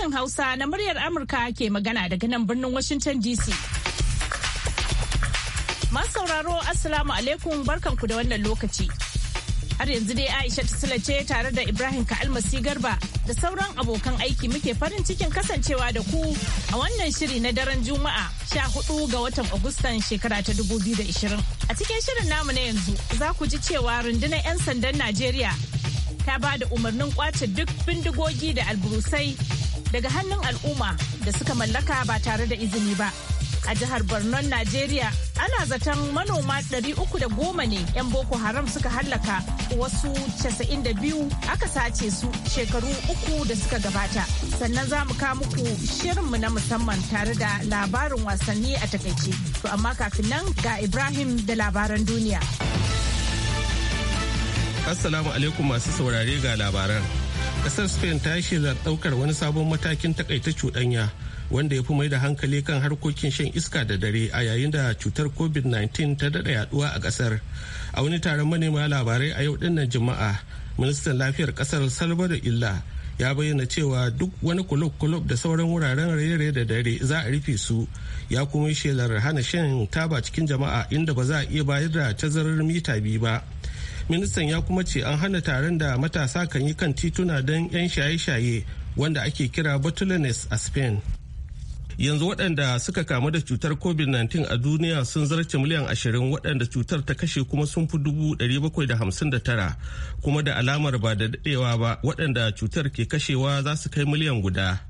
sashen Hausa na muryar Amurka ke magana daga nan birnin Washington DC. Masu sauraro Assalamu alaikum ku da wannan lokaci. Har yanzu dai Aisha Tisila ce tare da Ibrahim Ka'almasi Garba da sauran abokan aiki muke farin cikin kasancewa da ku a wannan shiri na daren Juma'a sha hudu ga watan Agustan shekara ta 2020. A cikin shirin namu na yanzu za ku ji cewa rundunar 'yan sandan Najeriya ta ba da umarnin kwace duk bindigogi da alburusai daga hannun al'umma da suka mallaka ba tare da izini ba. A jihar Borno, Najeriya, ana zaton manoma ɗari uku da goma ne 'yan Boko Haram suka hallaka wasu casa'in da biyu aka sace su shekaru uku da suka gabata. Sannan za mu kawo muku shirinmu na musamman tare da labarin wasanni a takaice. To amma kafin nan ga Ibrahim da labaran duniya. Assalamu alaikum masu saurare ga labaran. kasar spain ta yi shelar daukar wani sabon matakin takaita cuɗanya wanda ya fi mai da hankali kan harkokin shan iska da dare a yayin da cutar covid-19 ta daɗa yaduwa a ƙasar. a wani taron manema labarai a yau dinnan juma'a ministan lafiyar kasar da illa ya bayyana cewa duk wani kulob-kulob da sauran wuraren raye-raye da dare za a rufe su ya kuma yi shelar hana shan taba cikin jama'a inda ba za a iya bayar da tazarar mita biyu ba ministan ya kuma ce an hana taron da matasa kan yi kan tituna don 'yan shaye-shaye wanda ake kira botulinus a spain yanzu waɗanda suka kamu da cutar covid-19 a duniya sun zarce miliyan 20 waɗanda cutar ta kashe kuma sun fi dubu 759 kuma da alamar ba da daɗewa ba waɗanda cutar ke kashewa za su kai miliyan guda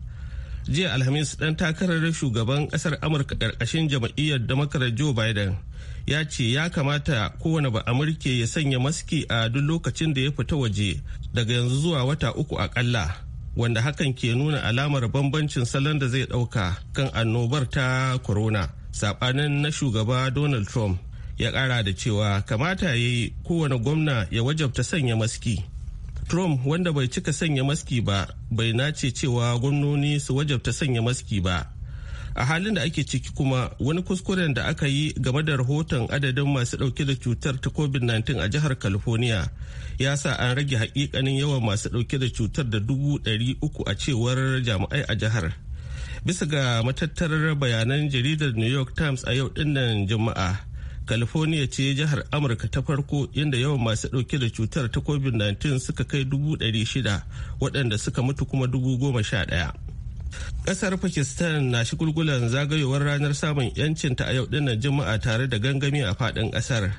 jiya alhamis dan takarar shugaban kasar amurka karkashin jam'iyyar damakarar joe biden ya ce ya kamata kowane ba amurke ya sanya maski a duk lokacin da ya fita waje daga yanzu zuwa wata uku akalla wanda hakan ke nuna alamar bambancin salon da zai dauka kan annobar ta corona sabanin na shugaba donald trump ya kara da cewa kamata ya yi kowane gwamna ya wajabta sanya maski Trump wanda bai cika sanya maski ba bai nace cewa gwamnoni su wajabta sanya maski ba. A halin da ake ciki kuma wani kuskuren da aka yi game da rahoton adadin masu dauke da cutar ta COVID-19 a jihar California ya sa an rage hakikanin yawan masu dauke da cutar da dubu ɗari uku a cewar jami'ai a jihar. Bisa ga matattarar bayanan jaridar New York Times a yau dinnan Juma'a. california ce jihar amurka ta farko inda yawan masu ɗauke da cutar ta covid-19 suka kai dubu waɗanda suka mutu kuma dubu goma ƙasar pakistan na shigulgulan zagayowar ranar samun 'yancinta a yau dinnan juma'a tare da gangami a faɗin ƙasar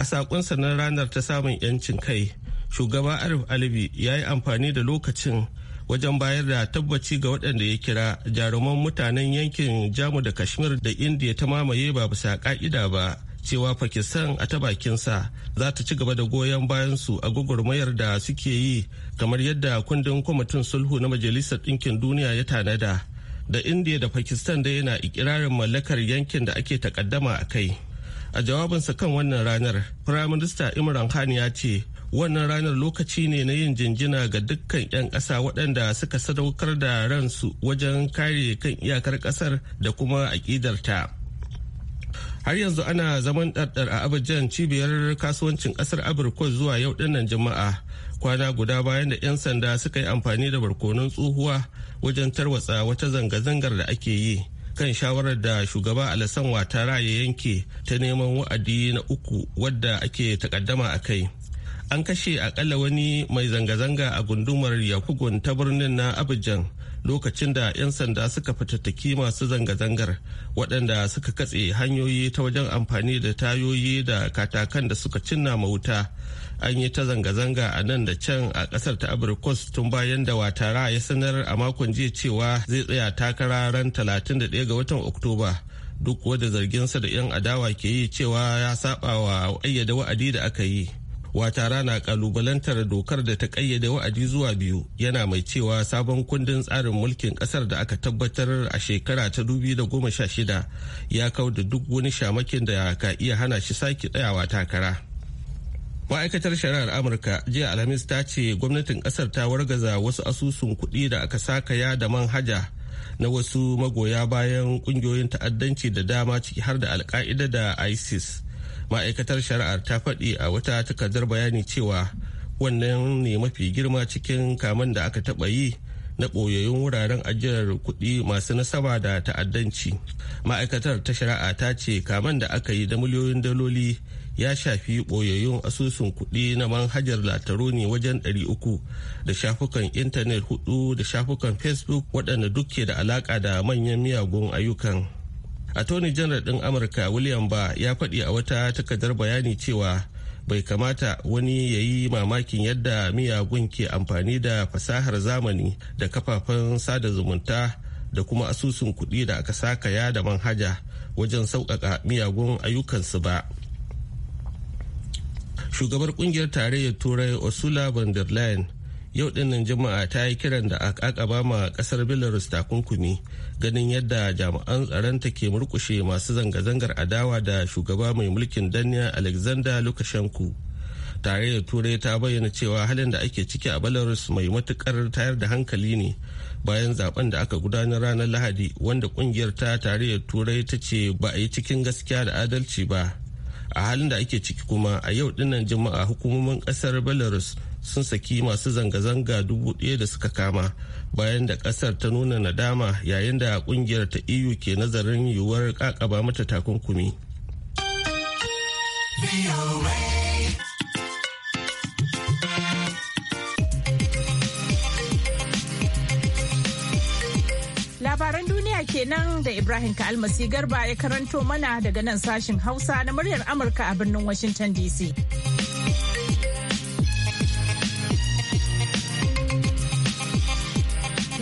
a sakonsa na ranar ta samun 'yancin kai shugaba arif alibi ya yi amfani da lokacin wajen bayar da tabbaci ga waɗanda ya kira jaruman mutanen yankin jamu da kashmir da indiya ta mamaye ba bisa ka'ida ba cewa pakistan a ta bakinsa za ta ci gaba da goyon bayan su a gwagwarmayar da suke yi kamar yadda kundin kwamitin sulhu na majalisar ɗinkin duniya ya tanada da indiya da pakistan da yana ikirarin mallakar yankin da ake takaddama a kai a jawabinsa kan wannan ranar firaminista imran khan ya ce wannan ranar lokaci ne na yin jinjina ga dukkan 'yan ƙasa waɗanda suka sadaukar da ransu wajen kare kan iyakar kasar da kuma aƙidarta har yanzu ana zaman ɗarɗar a abujan cibiyar kasuwancin ƙasar abirko zuwa yau ɗinnan jama'a kwana guda bayan da 'yan sanda suka yi amfani da barkonon tsohuwa wajen tarwatsa wata zanga-zangar da ake yi kan shawarar da shugaba alasan watara ya yanke ta neman wa'adi na uku wadda ake takaddama a kai an kashe akalla wani mai zanga-zanga a gundumar yakugun ta birnin na abidjan lokacin da 'yan sanda suka fitattaki masu zanga-zangar waɗanda suka katse hanyoyi ta wajen amfani da tayoyi da katakan da suka cinna wuta an yi ta zanga-zanga a nan da can a ƙasar ta abirikos tun bayan da watara ya sanar a makon jiya cewa zai tsaya takara ran 31 ga watan oktoba duk wadda zarginsa da 'yan adawa ke yi cewa ya saba wa ayyada wa'adi da aka yi watara na kalubalantar dokar da ta kayyade wa'adi zuwa biyu yana mai cewa sabon kundin tsarin mulkin kasar da aka tabbatar a shekara ta da shida ya kau da duk wani shamakin da ka iya hana shi sake tsayawa takara ma'aikatar shari'ar amurka jiya alhamis ta ce gwamnatin kasar ta wargaza wasu asusun kuɗi da aka saka ya da manhaja na wasu magoya bayan kungiyoyin ta'addanci da dama ciki har da alka'ida da isis ma'aikatar shari'ar ta faɗi a wata takardar bayani cewa wannan ne mafi girma cikin kaman da aka taɓa yi na ɓoyayyun wuraren ajiyar kuɗi masu nasaba da ta'addanci ma'aikatar ta shari'a ta ce kaman da aka yi da miliyoyin daloli ya shafi ɓoyayyun asusun kuɗi na manhajar lataroni wajen 300 da shafukan intanet hudu da shafukan facebook waɗanda duk ke da alaƙa da manyan miyagun ayyukan attorney janar din amurka william ba ya faɗi a wata takardar bayani cewa bai kamata wani ya yi mamakin yadda miyagun ke amfani da fasahar zamani da kafafen sada zumunta da kuma asusun kuɗi da aka sakaya da manhaja wajen sauƙaƙa miyagun ayyukansu ba shugabar kungiyar tarayyar turai ursula von der leyen yau dinnan jama'a ta yi kiran da aka ba ma kasar belarus takunkumi ganin yadda jami'an tsaronta ke murkushe masu zanga-zangar adawa da shugaba mai mulkin daniya alexander lukashenko da turai ta bayyana cewa halin da ake ciki a belarus mai matukar tayar da hankali ne bayan zaben da aka gudanar ranar lahadi wanda kungiyar ta tare da turai ta ce ba a yi cikin gaskiya da adalci ba a halin da ake ciki kuma a yau dinnan jama'a hukumomin kasar belarus sun saki masu zanga-zanga dubu ɗaya da suka kama bayan da ƙasar ta nuna nadama yayin da ƙungiyar ta eu ke nazarin yiwuwar ƙaƙaba mata takunkumi. Labaran duniya kenan da Ibrahim Ka'almasi Garba ya karanto mana daga nan sashin Hausa na muryar Amurka a birnin Washington DC.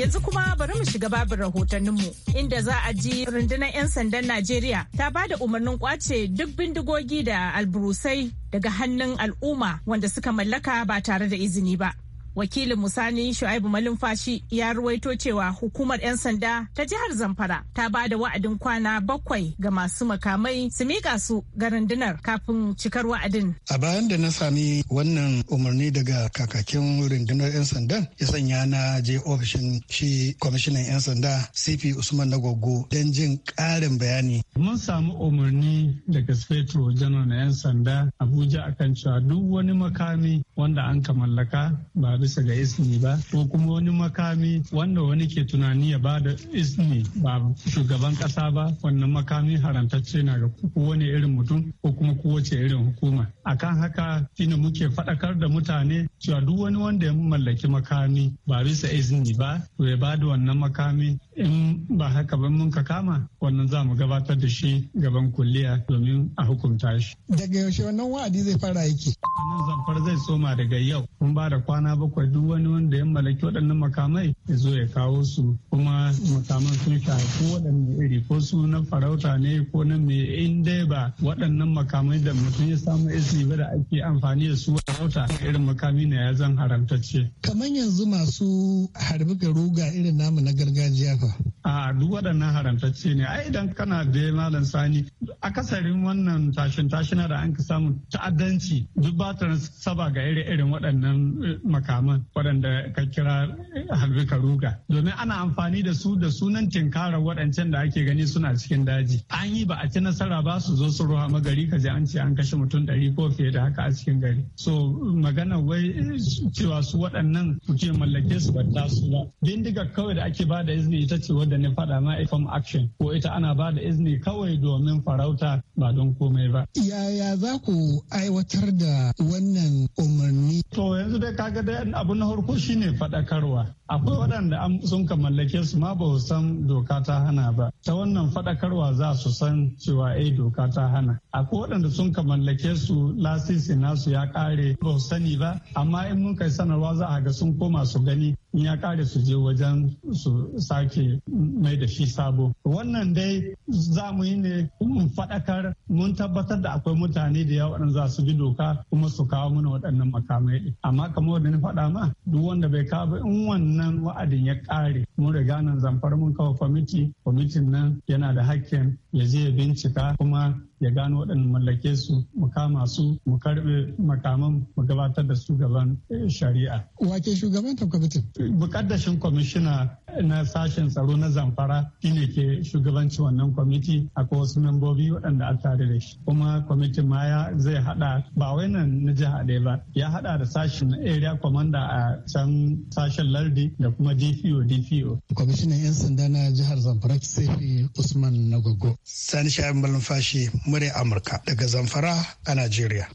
Yanzu kuma bari mu shiga babin rahotanninmu inda za a ji rundunar 'yan sandan Najeriya ta ba da umarnin kwace duk bindigogi da alburusai daga hannun al'umma wanda suka mallaka ba tare da izini ba. wakilin musani shu'aibu malumfashi ya ruwaito cewa hukumar 'yan sanda ta jihar zamfara ta ba da wa'adin kwana bakwai ga masu makamai su miƙa su ga rundunar kafin cikar wa'adin a bayan da na sami wannan umarni daga kakakin rundunar 'yan sandan ya sanya na je ofishin shi kwamishinan 'yan sanda cp usman nagogo don jin ƙarin bayani mun samu umarni daga sfetro janar na 'yan sanda abuja akan cewa duk wani makami wanda an ka mallaka ba bisa ga isni ba ko kuma wani makami wanda wani ke tunani ya ba da isni ba shugaban kasa ba wannan makami harantacce na ga kowane irin mutum ko kuma kowace irin hukuma akan haka ina muke faɗakar da mutane cewa duk wani wanda ya mallaki makami ba bisa izini ba to ya bada wannan makami in ba haka ba mun ka kama wannan za mu gabatar da shi gaban kulliya domin a hukunta shi daga yaushe wannan wa'adi zai fara yake nan zamfar zai soma daga yau mun ba da kwana ba. bakwai duk wani wanda ya mallaki waɗannan makamai ya zo ya kawo su kuma makaman sun shafi waɗanne iri ko su na farauta ne ko na me in dai ba waɗannan makamai da mutum ya samu izini ba da ake amfani da su farauta irin makami ne ya zan haramtacce. kamar yanzu masu harbi garuga irin namu na gargajiya fa duk waɗannan haramtacce ne ai idan kana da malam sani akasarin wannan tashin tashina da an ka samu ta'addanci duk ba ta saba ga irin irin waɗannan eh, makaman waɗanda ka kira eh, ka ruga domin ana amfani da su da sunan tinkara waɗancan da ake gani suna cikin daji an yi ba a ci nasara ba su zo su ruwa magari ka je an ce an kashe mutum ɗari ko fiye da haka a cikin gari so magana wai cewa su waɗannan kuke mallake su ba ta su ba bindiga kawai da ake ba da izini ita ce wadda ne faɗa faɗa ma action ko ita ana ba da izini kawai domin farauta ba don komai ba. Yaya za ku aiwatar da wannan umarni? To yanzu dai kaga dai abu na farko shine faɗakarwa. Akwai waɗanda sun ka mallake su ma ba san doka ta hana ba. Ta wannan faɗakarwa za su san cewa eh doka ta hana. Akwai waɗanda sun ka mallake su lasisi nasu ya kare ba su sani ba amma in mun kai sanarwa za a ga sun koma su gani in ya kare su je wajen su sake mai da shi sabo wannan dai za mu yi ne mun faɗakar mun tabbatar da akwai mutane da yawa waɗanda za su bi doka kuma su kawo mana waɗannan makamai ɗin amma kamar wanda na faɗa ma duk wanda bai kawo ba in wannan wa'adin ya ƙare mun riga nan zamfar mun kawo kwamiti kwamitin nan yana da hakkin ya je ya bincika kuma ya gano waɗanda mallake su mu kama su mu karɓe makaman mu gabatar da su gaban eh, shari'a. Wake shugaban ta kwamitin? Bukaddashin kwamishina na sashen tsaro na zamfara shine ke shugabanci wannan kwamiti akwai wasu membobi waɗanda a tare da shi kuma kwamitin ma ya zai haɗa ba wai nan na jiha ɗaya ba ya haɗa da sashen na area commander a can sashen lardi da kuma dpo dpo kwamishinan yan sanda na jihar zamfara sefi usman nagogo sani sha'an balin muryar Amurka daga Zamfara a Najeriya.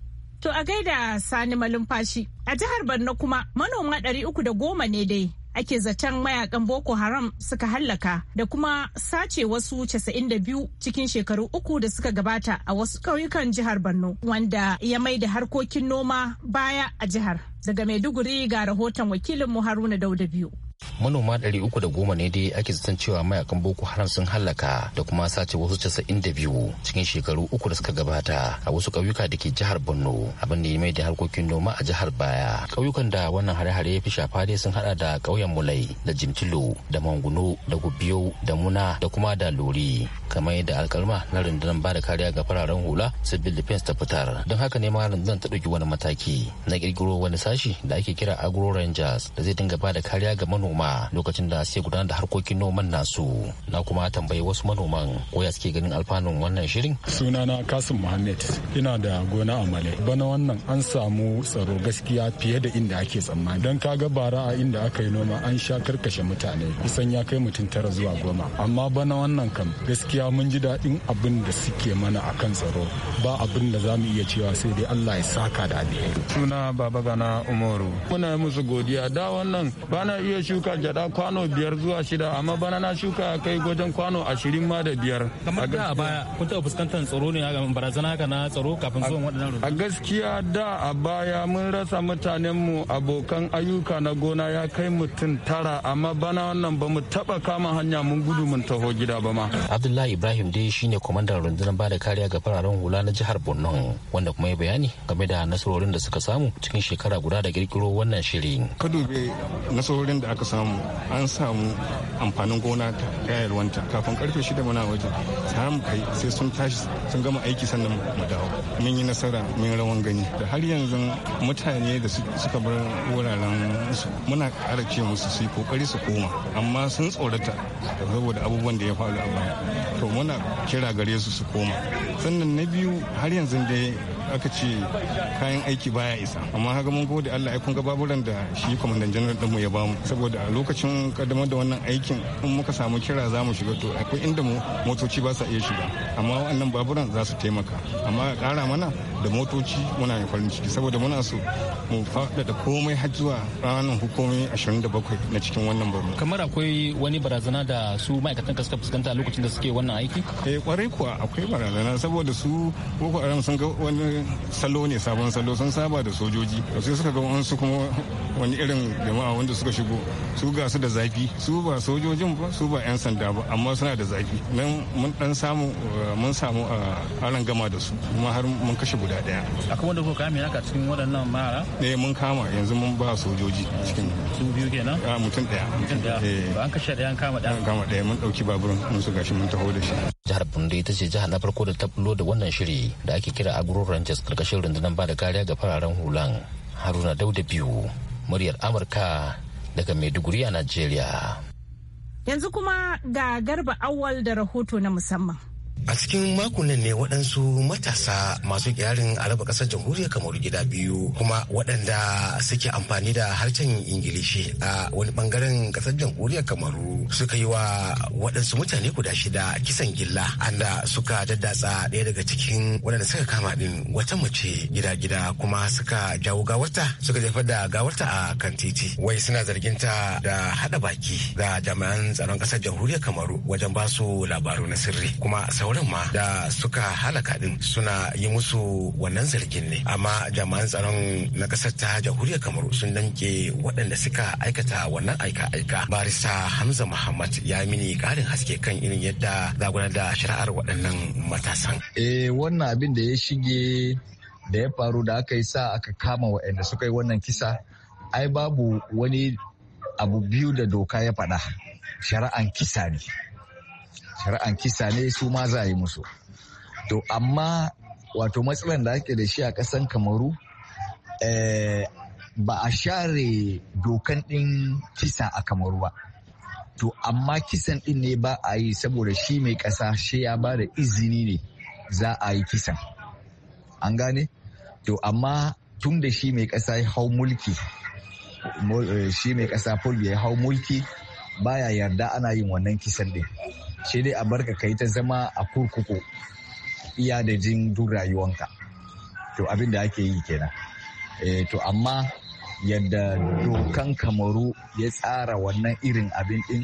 To a gaida Sani Malumfashi, a jihar Borno kuma manoma ɗari uku da goma ne dai ake zaton mayakan Boko Haram suka hallaka da kuma sace wasu 92 cikin shekaru uku da suka gabata a wasu ƙauyukan jihar Borno wanda ya mai da harkokin noma baya a jihar. Daga Maiduguri ga rahoton wakilinmu Haruna Dauda biyu. manoma 310 ne dai ake zaton cewa mayakan boko haram sun hallaka da kuma sace wasu casa'in da biyu cikin shekaru uku da suka gabata a wasu ƙauyuka da ke jihar borno abin da ya mai da harkokin noma a jihar baya ƙauyukan da wannan hare-hare ya fi shafa dai sun hada da ƙauyen mulai da jimtilo da manguno da gubiyo da muna da kuma da lori kamar yadda alkalma na rundunar ba da kariya ga fararen hula civil defense ta fitar don haka ne ma rundunar ta ɗauki wani mataki na ƙirƙiro wani sashi da ake kira agro rangers da zai dinga ba da kariya ga manoma manoma lokacin da sai gudanar da harkokin noman nasu na kuma tambayi wasu manoman ko suke ganin alfanun wannan shirin sunana kasim muhammed ina da gona a male bana wannan an samu tsaro gaskiya fiye da inda ake tsammani don ka ga bara a inda aka yi noma an sha karkashe mutane kusan ya kai mutum tara zuwa goma amma bana wannan kam gaskiya mun ji daɗin abin da suke mana akan tsaro ba abin da za mu iya cewa sai dai allah ya saka da alheri suna baba gana umaru muna musu godiya da wannan bana iya shi shuka gyada kwano biyar zuwa shida amma bana na shuka kai wajen kwano ashirin ma da biyar kamar da a baya kun taɓa fuskantar tsaro ne a barazana haka na tsaro kafin zuwan waɗannan a gaskiya da a baya mun rasa mutanen mu abokan ayyuka na gona ya kai mutum tara amma bana wannan ba mu taɓa kama hanya mun gudu mun taho gida ba ma abdullahi ibrahim dai shine kwamandan rundunar bada kariya ga fararen hula na jihar borno wanda kuma ya bayani game da nasarorin da suka samu cikin shekara guda da kirkiro wannan shiri ka dube nasarorin da aka muka samu an samu amfanin gona ta gayarwanta kafin karfe shida muna waje samu kai sai sun tashi sun gama aiki sannan mu dawo mun yi nasara mun rawan gani da har yanzu mutane da suka bar wuraren su muna kara ce musu su yi kokari su koma amma sun tsorata saboda abubuwan da ya faru a baya to muna kira gare su su koma sannan na biyu har yanzu dai aka ce kayan aiki baya isa amma haka mun gode Allah ai kun ga baburan da shi kwamandan janar mu ya bamu saboda a lokacin kaddamar da wannan aikin in muka samu kira za mu shiga to akwai inda motoci ba sa iya shiga amma wa'annan baburan za su taimaka amma ya kara mana da motoci muna da farin ciki saboda muna so mu faɗaɗa komai har zuwa ranar hukumi 27 na cikin wannan borno kamar akwai wani barazana da su ma'aikatan suka fuskanta lokacin da suke wannan aiki eh kwarai kuwa akwai barazana saboda su boko haram sun ga wani salo ne sabon salo sun saba da sojoji sai suka ga wasu kuma wani irin jama'a wanda suka shigo su ga su da zafi su ba sojojin ba su ba 'yan sanda ba amma suna da zafi nan mun dan samu mun samu aran ah, gama da su kuma har mun kashe guda daya a kuma wanda kuka kame naka cikin waɗannan mara ne eh, mun kama yanzu mun ba sojoji cikin su biyu kenan a ah, mutum daya mutum daya ba eh. an kashe daya an kama daya an kama daya mun dauki baburin mun su gashi mun taho da shi jihar Burundi ita ce jihar na farko da ta bullo da wannan shiri da ake kira Agro Rangers karkashin rundunar ba da kariya ga fararen hulan Haruna Dauda biyu muryar Amurka daga Maiduguri a Najeriya. Yanzu kuma ga garba awal da rahoto na musamman. A cikin makon ne waɗansu matasa masu kirarin araba ƙasar jamhuriyar Kamaru gida biyu kuma waɗanda suke amfani da harshen Ingilishi a wani ɓangaren ƙasar jamhuriyar Kamaru suka yi wa waɗansu mutane guda shida kisan gilla anda suka daddatsa ɗaya daga cikin waɗanda suka kama ɗin wata mace gida-gida kuma suka jawo gawarta suka jefar da gawarta a kan titi wai suna zarginta da haɗa baki ga jami'an tsaron ƙasar jamhuriyar Kamaru wajen ba su labaru na sirri kuma sauran wurin ma da suka halaka din suna yi musu wannan zargin ne amma jami'an tsaron na kasar ta jamhuriyar kamaru sun danke waɗanda suka aikata wannan aika-aika Barisa hamza muhammad ya mini ƙarin haske kan irin yadda za da shari'ar waɗannan matasan eh wannan abin da ya shige da ya faru da aka yi sa aka kama waɗanda suka yi wannan kisa ai babu wani abu biyu da doka ya faɗa shari'an kisa ne shari'an kisa ne su ma za a yi musu to amma wato matsalar da ake da shi a ƙasan kamaru eh, ba a share dokan ɗin kisa a kamaru ba to amma kisan ɗin ne ba a yi saboda shi mai ƙasa shi ya ba da izini ne za a yi kisan an gane to amma tun da shi mai ƙasa ya hau mulki eh, shi mai ƙasa polio ya hau mulki baya yarda ana yin wannan kisan din shi dai a barka ka yi ta zama a kurkuku iya da jin duk rayuwanka to abin da ake yi kenan eh, to amma yadda dokan kamaru ya tsara wannan irin abin din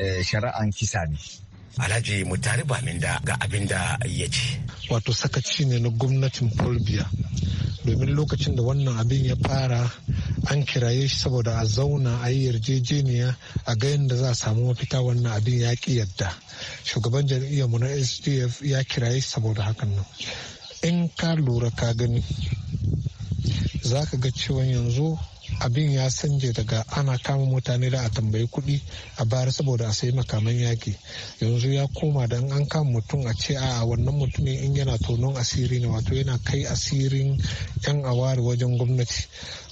eh, shari'an kisa ne Alhaji Mutari da ga abin da ya ce. Wato sakaci ne na gwamnatin Folbiya domin lokacin da wannan abin ya fara an kiraye shi saboda a zauna a yi yarjejeniya a ga yadda za a samu mafita wannan abin ya ki yadda shugaban mu na sdf ya kiraye shi saboda hakan nan in ka lura ka gani za ka ga cewa yanzu abin ya sanje daga ana kama mutane da a tambayi kuɗi a bayar saboda a sayi makaman yaki yanzu ya koma da an kama mutum a ce a wannan mutumin in yana tonon asiri ne wato yana kai asirin yan awari wajen gwamnati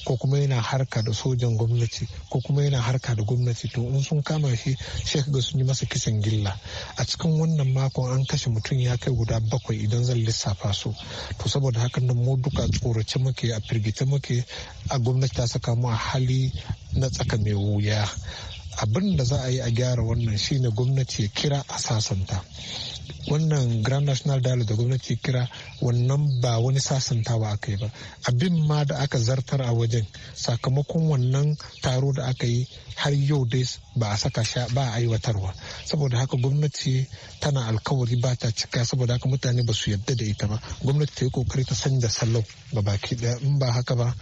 ko kuma yana harka da sojan gwamnati ko kuma yana harka da gwamnati to in sun kama shi sai kaga sun yi masa kisan gilla a cikin wannan makon an kashe mutum ya kai guda bakwai idan zan lissafa su to saboda hakan nan mu duka tsorace muke a firgita muke a gwamnati ta saka mu a hali na tsaka mai wuya abin da za a yi a gyara wannan shine gwamnati ya kira a sasanta wannan grand national dialogue da gwamnati kira wannan ba wani sasantawa aka yi ba abin ma da aka zartar a wajen sakamakon wannan taro da aka yi har yau dai ba a saka sha ba a aiwatarwa saboda haka gwamnati tana alkawari ba ta cika saboda haka mutane ba su yadda da ita ba gwamnati ta yi kokari ta sanya sallau ba baki daya in ba haka ba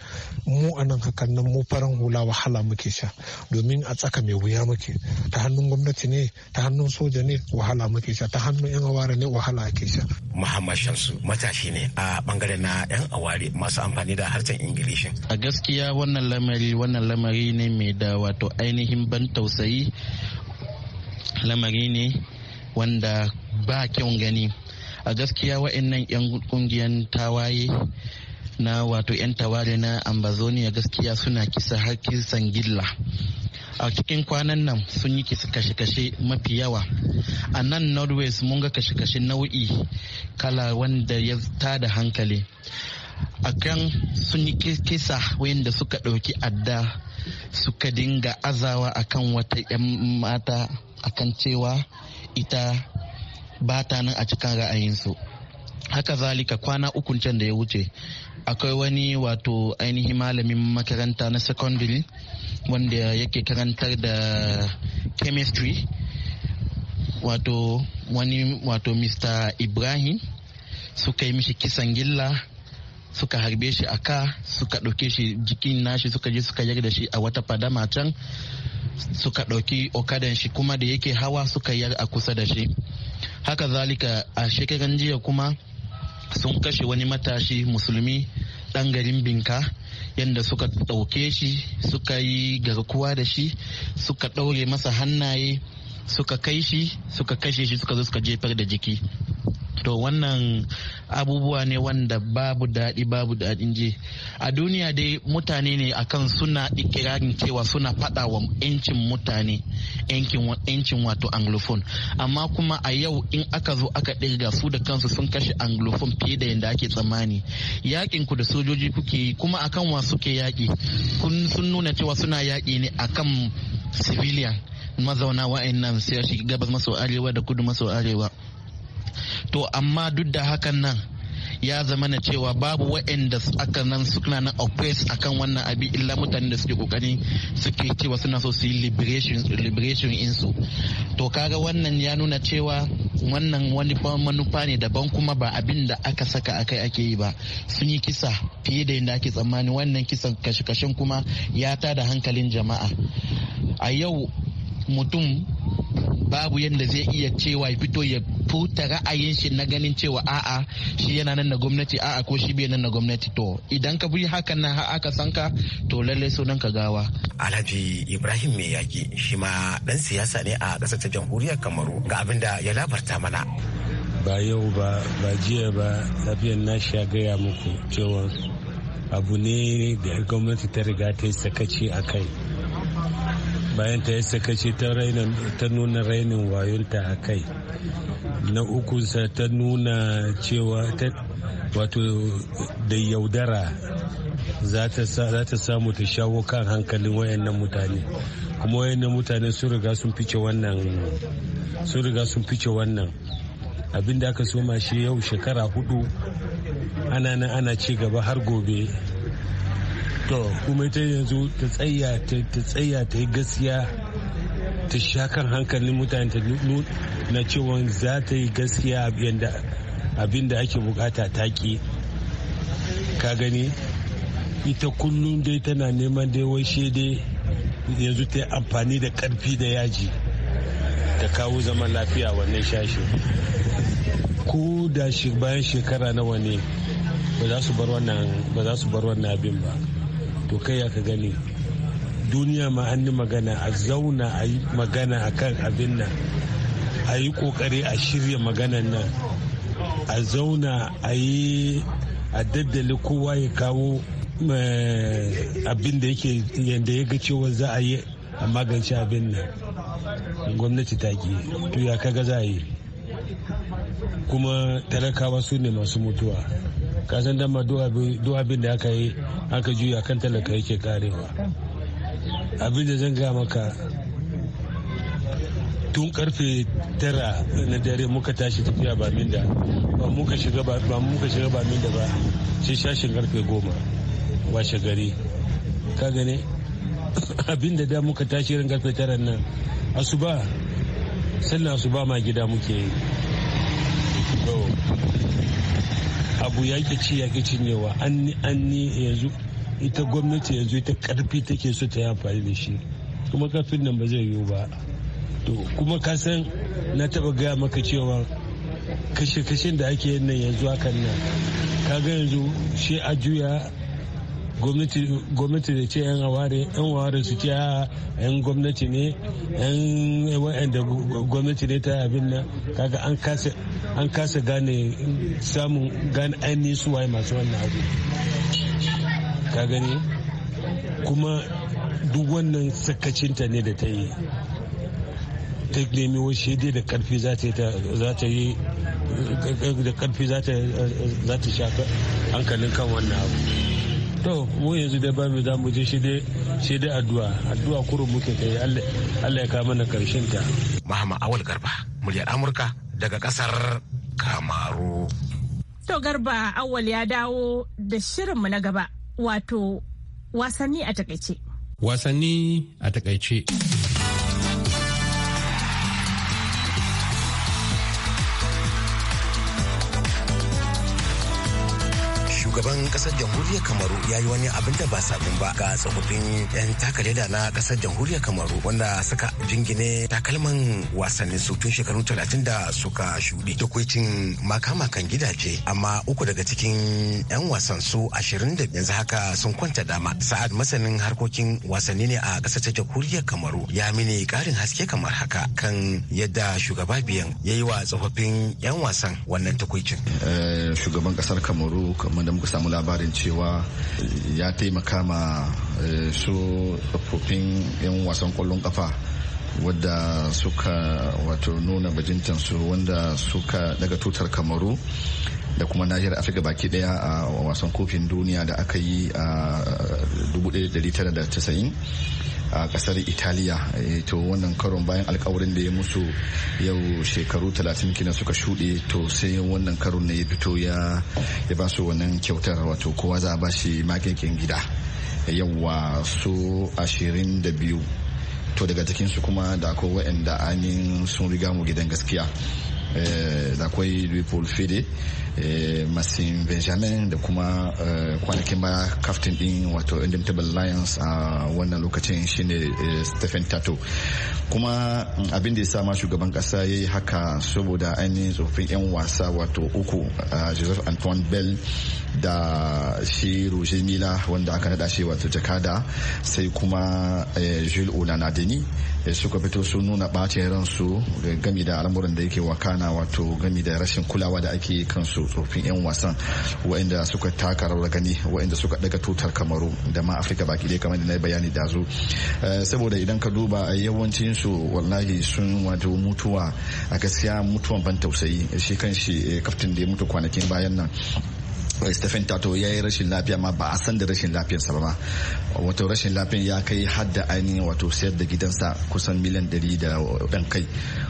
mu anan hakan nan mu farin hula wahala muke sha domin a tsaka mai wuya muke ta hannun gwamnati ne ta hannun soja ne wahala muke sha ta hannun yan aware ne wahala ake sha. Muhammad Shamsu matashi ne a bangare na yan aware masu amfani da harshen Ingilishin. A gaskiya wannan lamari wannan lamari ne mai da wato ainihin ban tausayi lamari ne wanda ba kyan gani a gaskiya wa'annan 'yan kungiyan tawaye na wato 'yan tawari na ambazonia gaskiya suna kisa har kisan gilla a cikin kwanan nan sun yi kashe-kashe mafi yawa a nan northwest mun ga kashe-kashe nau'i kala wanda ya da hankali a kan sun yi kisa wayanda suka ɗauki adda suka dinga azawa akan wata 'yan mata akan cewa ita ba ta nan a cikin ra'ayinsu haka zalika kwana ukun can da ya wuce akwai wani wato ainihin malamin makaranta na secondary wanda yake karantar da chemistry wato wani wato mr ibrahim suka yi mishi kisan gilla suka harbe shi a ka suka ɗauke shi jikin nashi suka je suka da shi a wata fadama can suka ɗauki okadan shi kuma da yake hawa suka yar a kusa da shi haka zalika a shekaran jiya kuma sun kashe wani matashi musulmi ɗan garin binka yadda suka ɗauke shi suka yi garkuwa da shi suka ɗaure masa hannaye suka kai shi suka kashe shi suka zo suka jefar da jiki to wannan abubuwa ne wanda babu daɗi babu daɗin ji a duniya dai mutane ne akan suna ikirarin cewa suna faɗa wa 'yancin mutane 'yancin wato anglophone amma kuma a yau in aka zo aka ɗirga su da kansu sun kashe anglophone fiye da yadda ake tsammani yakin ku da sojoji kuke yi kuma akan wa suke yaƙi sun nuna cewa suna yaƙi ne akan civilian mazauna wa'annan sai gabas maso arewa da kudu maso arewa to amma duk da hakan nan ya zama na cewa babu waɗanda aka nan suna nan oppress akan wannan abi illa mutane da suke kokari suke cewa suna so su yi liberation liberation insu to kaga wannan ya nuna cewa wannan wani manufa ne daban kuma ba abin da aka saka akai ake yi ba sun yi kisa fiye da yadda ake tsammani wannan kisan kashe-kashen kuma ya tada hankalin jama'a a yau mutum babu yadda zai iya cewa ya fito ya futa ra'ayin shi na ganin cewa a'a shi yana nan na gwamnati a'a ko shi bai nan na gwamnati to idan ka bi hakan na aka san ka to lallai sunan ka gawa alhaji ibrahim mai yaki shi ma dan siyasa ne a ƙasar ta jamhuriyar kamaru ga abin da ya labarta mana ba yau ba ba jiya ba lafiyar na sha gaya muku cewa abu ne da gwamnati ta riga ta yi sakaci a kai bayan ta yi sakaci ta nuna rainin wayonta a kai na ukunsa ta nuna cewa wato da yaudara za ta samu ta shawo kan hankalin wayannan mutane kuma wayannan mutane sun riga sun fice wannan sun riga sun fice wannan abinda aka soma shi yau shekara hudu ana nan ana ci gaba har gobe to kuma ta yanzu ta tsaya ta tsaya ta yi gaskiya ta sha kan hankalin mutane ta na cewa za ta yi gaskiya abin da ake bukata ta ke ka gani ita kullum dai tana neman dai waishe dai yanzu ta yi amfani da karfi da yaji ta kawo zaman lafiya wannan shashi ko da shi bayan shekara nawa ne ba za su bar wannan abin ba to kai ya ka gani duniya ma an magana a zauna a yi magana a kan abin nan a yi kokari a shirya maganan nan a zauna a yi a daddali kowa ya kawo eh, abin da yake yadda ya ga cewa za a yi a magance abin nan gwamnati ta ke to ya kaga za a yi kuma talakawa su ne masu mutuwa kasan dama duk abin da aka yi aka juya kan talaka yake karewa abin da zan ga maka tun karfe tara na dare muka tashi tafiya ba min da ba muka shiga ba min da ba sai shashin karfe goma washe gari ka gane abin da da muka tashi ran karfe tara nan asuba sannan asuba ma gida muke yi abu ya ke ci ya ke cinyewa an ni yanzu ita gwamnati yanzu ita karfi take so ta yi amfani da shi kuma karfin nan ba zai yiwu ba to kuma ka san na taba gaya maka cewa kashe-kashen da ake yin nan yanzu hakan nan ka ga yanzu shi a juya gwamnati da ce yan aware yan aware su ce yan gwamnati ne yan wa'anda gwamnati ne ta abin nan kaga an kasa gane samun gane ainihin su waye masu wannan abu ka gani kuma duk wannan sakacinta ne da ta yi ta nemi wasu dai da karfi za ta yi da karfi za ta shafa hankalin kan wannan abu to mu yanzu dai ba mu za mu je shi dai shi dai addu'a addu'a kurun muke kai Allah ya kawo mana karshen ta Muhammad Awal Garba muryar Amurka daga kasar Kamaru to Garba Awal ya dawo da shirin mu na gaba wato wasanni a takaice wasanni a takaice shugaban kasar jamhuriyar kamaru ya yi wani abin da ba sabon ba ga tsofaffin 'yan takarida na kasar jamhuriyar kamaru wanda suka jingine takalman wasannin su tun shekaru talatin da suka shuɗe dokokin makamakan gidaje amma uku daga cikin 'yan wasan su ashirin da yanzu haka sun kwanta dama sa'ad masanin harkokin wasanni ne a kasar ta jamhuriyar kamaru ya mini karin haske kamar haka kan yadda shugaba biyan ya yi wa tsofaffin 'yan wasan wannan takwicin eh, shugaban kasar kamaru kamar da muka samu labarin cewa eh, ya taimaka ma eh, su tsofaffin 'yan wasan kwallon kafa wadda suka wato nuna bajintansu wanda suka daga tutar kamaru da kuma nahiyar afirka baki daya a wasan kofin duniya da aka yi a 1990 eh, a kasar italiya eh, to wannan karon bayan alkawarin da ya musu yau shekaru 30 kina suka shuɗe to sai wannan karon ne ya fito ya ba su wannan kyautar wato kowa za a ba shi makekin gida yawa su biyu to daga cikinsu kuma da akwai waɗanda anin sun riga mu gidan gaskiya Eh, da kwai liverpool fede eh, masin benjamin da kuma eh, kwanakin ba kaftin din wato indomitable lions a wannan lokacin shine stephen tato kuma mm, abin da ya sama shugaban kasa ya yi haka saboda ainihin tsofin 'yan wasa wato uku joseph antoine bell da shi roger mila wanda aka nada shi wato jakada sai kuma jules onanadeni suka fito su nuna bacin ransu gami da al'amuran da yake wakana wato gami da rashin kulawa da ake su tsofin 'yan wasan waɗanda suka taka rawar gani waɗanda suka daga tutar kamaru da ma afirka baki ɗaya kamar da na bayani da zo eh, saboda idan ka duba eh, yawancin su wallahi sun wato mutuwa a gaskiya mutuwan ban tausayi shi kan eh, kaftin da ya mutu kwanakin bayan nan stephen tato ya yi rashin lafiya ma ba a san da rashin sa ba ma wato rashin lafiyan ya kai hadda ainihin wato sayar da gidansa kusan miliyan ɗari da ɗan kai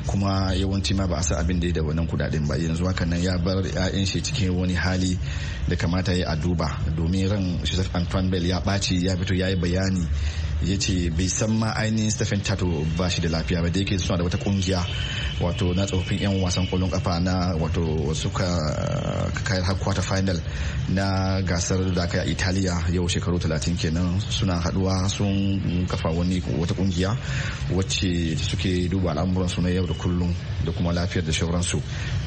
kuma yawanci ma ba a san abin da ya da wannan kudaden ba yanzu haka nan ya bar 'ya'yan shi cikin wani hali da kamata ya yi a duba domin ran joseph antoine bell ya ɓaci ya fito ya yi bayani ya ce bai san ma ainihin stephen tato ba shi da lafiya ba da yake suna da wata kungiya wato na tsofin yan wasan kwallon kafa na wato suka uh, kayar har kwata final na gasar da aka yi italiya yau shekaru 30 kenan suna haduwa sun kafa wani wata kungiya wacce suke duba al'amuran su na yau da kullum da kuma lafiyar da shauransu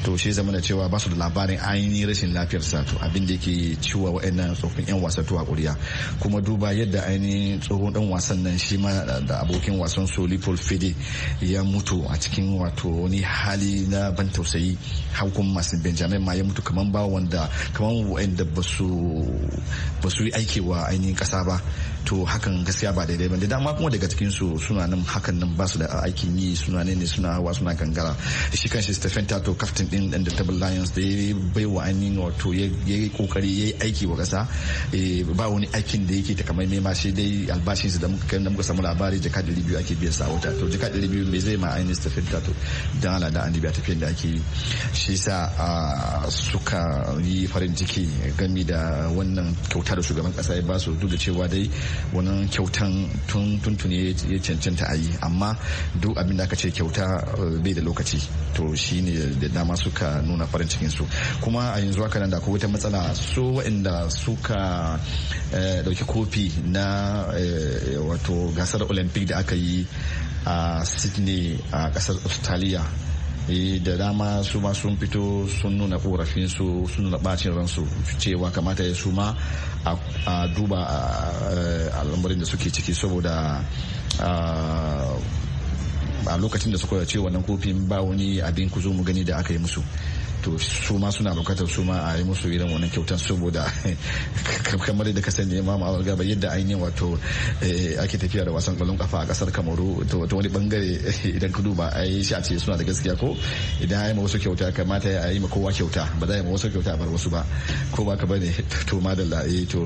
to shi zama da cewa ba su da labarin ainihin rashin lafiyar sa to abin da yake ciwa wa'annan tsofin yan wasa tuwa kuriya kuma duba yadda ainihin tsohon dan wasa sannan shi ma da abokin wasan su Fede ya mutu a cikin wato wani hali na ban tausayi haukun masu Benjamin ma ya mutu kaman ba wanda kaman wanda ba su yi aiki wa ainihin kasa ba to hakan gaskiya ba daidai bane dama kuma daga cikin su suna nan hakan nan basu da aikin yi suna ne suna hawa suna gangara shi kan shi Stephen Tato captain din dan Double Lions da ya baiwa ainihin wato ya yi kokari ya yi aiki wa kasa eh, ba wani aikin da yake takamaimai ma shi dai albashin su da muka da muka samu labari jaka da 200 ake biyan sa wata to jaka da 200 me zai ma ainihin Stephen Tato dan ala da annabi a tafiyar da ake yi shi sa suka yi farin ciki game da wannan kyauta da shugaban kasa ya basu duk da cewa dai wannan kyautan tun tuntuni ya cancanta a yi amma duk abin da aka ce kyauta eh, bai da lokaci to shi ne da dama suka nuna farin cikin su kuma a yanzu haka nan da akwai wata matsala su waɗanda suka dauki eh, kofi na eh, wato gasar olympic da aka yi a sydney a kasar australia da dama su ma sun fito sun nuna korafin su sun nuna bacin ransu cewa kamata ya suma a duba eh, al'amarin da suke ciki saboda ah, a lokacin da suka ce wannan kofin ba wani abin ku zo mu gani da aka yi musu to su ma suna bukatar su ma a yi musu irin wannan kyautan saboda kamar da ka sani ma awal gaba yadda an yi wato eh, ake tafiya da wasan kwallon kafa a kasar kamaru to wato wani bangare idan ka duba a yi shi a ce suna da gaskiya ko idan a yi wasu kyauta kamata a yi ma kowa kyauta ba za a yi ma wasu kyauta a bar wasu ba ko ba ka ba ne to ma da la'ayi eh, to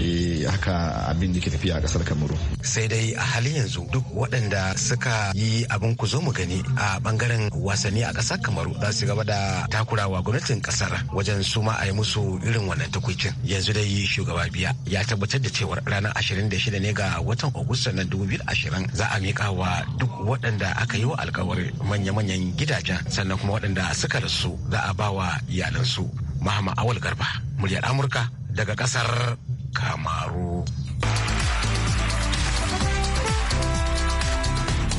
eh, haka abin da ke tafiya a kasar kamaru. sai dai a halin yanzu duk waɗanda suka yi abin ku zo mu gani a bangaren wasanni a kasar kamaru za su gaba da takurawa gwamnatin kasar wajen suma a yi musu irin wannan takwicin yanzu dai shugaba biya ya tabbatar da cewar ranar 26 ne ga watan agusta na 2020 za a miƙa wa duk waɗanda aka yi wa alkawar manya-manyan gidajen sannan kuma waɗanda suka rasu za a ba wa iyalansu mahama awal garba muryar amurka daga ƙasar kamaru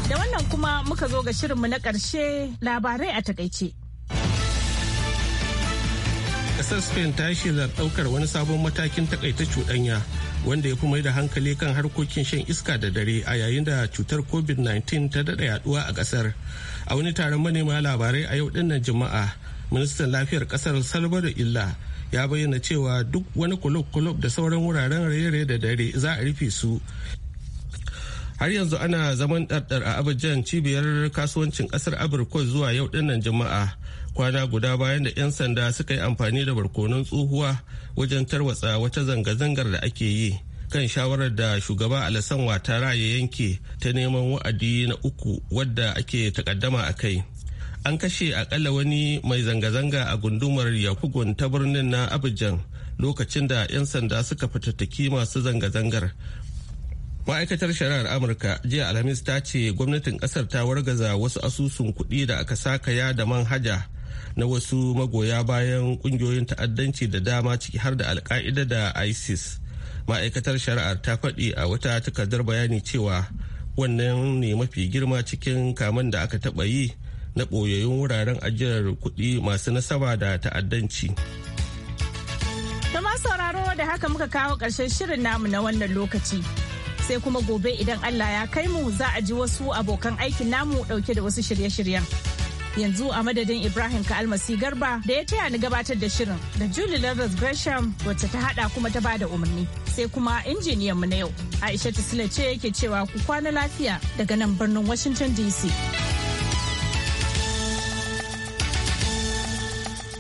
da wannan kuma muka zo ga shirinmu na ƙarshe labarai a takaice kasar spain ta shelar ɗaukar wani sabon matakin takaita cuɗanya wanda ya fi mai da hankali kan harkokin shan iska da dare a yayin da cutar covid-19 ta daɗa yaduwa a ƙasar a wani taron manema labarai a yau dinnan juma'a ministan lafiyar ƙasar salvador illa ya bayyana cewa duk wani kulob-kulob da sauran wuraren raye-raye da dare za a rufe su har yanzu ana zaman ɗarɗar a abujan cibiyar kasuwancin ƙasar abirkwa zuwa yau dinnan jama'a kwana guda bayan da 'yan sanda suka yi amfani da barkonon tsohuwa wajen tarwatsa wata zanga-zangar da ake yi kan shawarar da shugaba alasan watara ya yanke ta neman wa'adi na uku wadda ake takaddama a kai an kashe akalla wani mai zanga-zanga a gundumar yakugun ta birnin na abidjan lokacin da 'yan sanda suka fitattaki masu zanga-zangar ma'aikatar shari'ar amurka jiya alhamis ta ce gwamnatin kasar ta wargaza wasu asusun kuɗi da aka sakaya da manhaja na wasu magoya bayan kungiyoyin ta'addanci da dama ciki har da alka'ida da isis ma'aikatar shari'ar ta faɗi a wata takardar bayani cewa wannan ne mafi girma cikin kaman da aka taɓa yi na ɓoyayyun wuraren ajiyar kuɗi masu nasaba da ta'addanci. Tama sauraro da haka muka kawo ƙarshen shirin namu na wannan lokaci. Sai kuma gobe idan Allah ya kai mu za a ji wasu abokan aikin namu ɗauke da wasu shirye-shiryen. yanzu a madadin ibrahim kalmasi garba da ya taya ni gabatar da shirin da julie Lovers gresham wacce ta hada kuma ta bada umarni sai kuma injiniyan mu na yau aisha tisila ce yake cewa ku kwana lafiya daga nan birnin washington dc